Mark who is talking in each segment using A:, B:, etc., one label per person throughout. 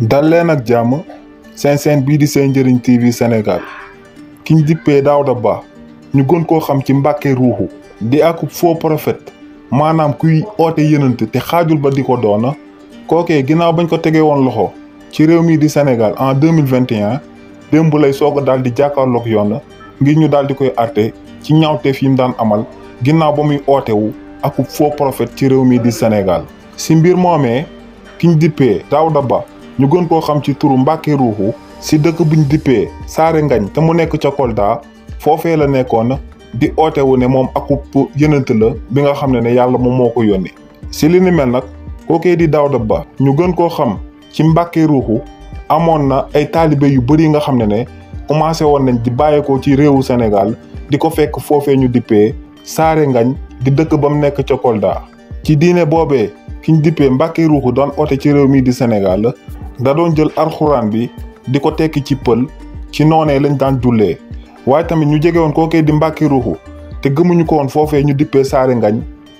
A: dal leen ak jàmm seen seen bii di seen njëriñ TV Sénégal kiñ dippee Daouda Ba ñu gën koo xam ci Mbàkke ruuxu di ak foo prophète maanaam kuy oote yenant te xaajul ba di ko na kookee ginnaaw bañ ko tegee woon loxo ci réew mii di Sénégal en 2021 démb lay soog a daal di jàkkaarloog yoon ngir ñu daal di koy àtte ci ñaawteef yi mu daan amal ginnaaw ba muy ootewu ak foo prophète ci réew mii di Sénégal si mbir moomee kiñ dippee Daouda Ba ñu gën koo xam ci turu Mbàkke Ruuxu si dëkk bi ñu dippee Saare Ngañ te mu nekk ca Kolda foofee la nekkoon di ootewu ne moom akub yënant la bi nga xam ne ne yàlla moom moo ko yónni si li ni mel nag kookee di Daawda Ba ñu gën koo xam ci Mbàkke Ruuxu amoon na ay taalibe yu bëri nga xam ne ne commencé woon nañ di bàyyeekoo ci réewu Sénégal di ko fekk foofee ñu dippee Saare Ngañ di dëkk ba mu nekk ca Kolda ci diine boobee ki ñu dippee Mbàkke Ruuxu doon oote ci réew mii di Sénégal da doon jël arxuraan bi di ko tekki ci pël ci noonee lañ daan jullee waaye tamit ñu jege woon kookee di mbàkki ruuxu te gëmuñu ko woon foofee ñu dippee saari ngañ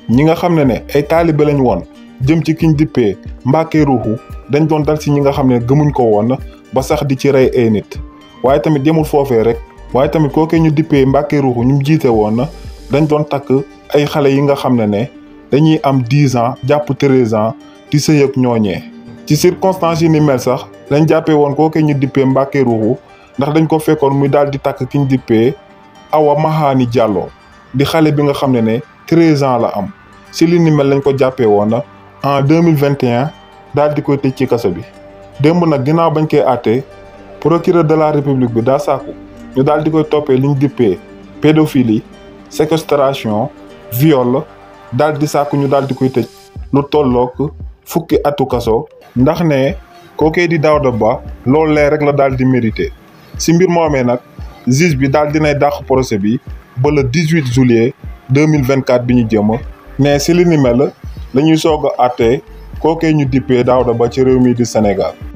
A: ñi nga xam ne ne ay taalibe lañ woon jëm ci kiñ dippee mbàkki ruuxu dañ doon dal si ñi nga xam ne gëmuñ ko woon ba sax di ci rey ay nit waaye tamit yemul foofee rek waaye tamit kookee ñu dippee mbàkki ruuxu ñu jiite woon dañ doon takk ay xale yi nga xam ne ne dañuy am dix ans jàpp treize ans di sëy ak ñooñee ci circonstances yi ni sax lañ jàppee woon kookee ñu dippee Mbàkke Ruuxu ndax dañ ko fekkoon muy daal di takk ki ñu dippee Awa Mahaani Diallo di xale bi nga xam ne ne treize ans la am si li ni mel lañ ko jàppee woon na en deux mille vingt et daal di koy tëj ci kaso bi. démb nag ginnaaw bañ koy àttee procureur de la république bi daa saaku ñu daal di koy toppee liñ dippee pédophilie séquestration viol daal di saaku ñu daal di koy tëj lu tollook fukki atu kaso ndax ne kookee di Daouda Ba loolu lee rek la daal di mérité si mbir moomee nag juge bi daal dinay dàq procès bi ba le 18 juillet 2024 bi ñu jëm ne si li ni mel la ñuy soog a àttee kookee ñu dippee Daouda Ba ci réew mi di Sénégal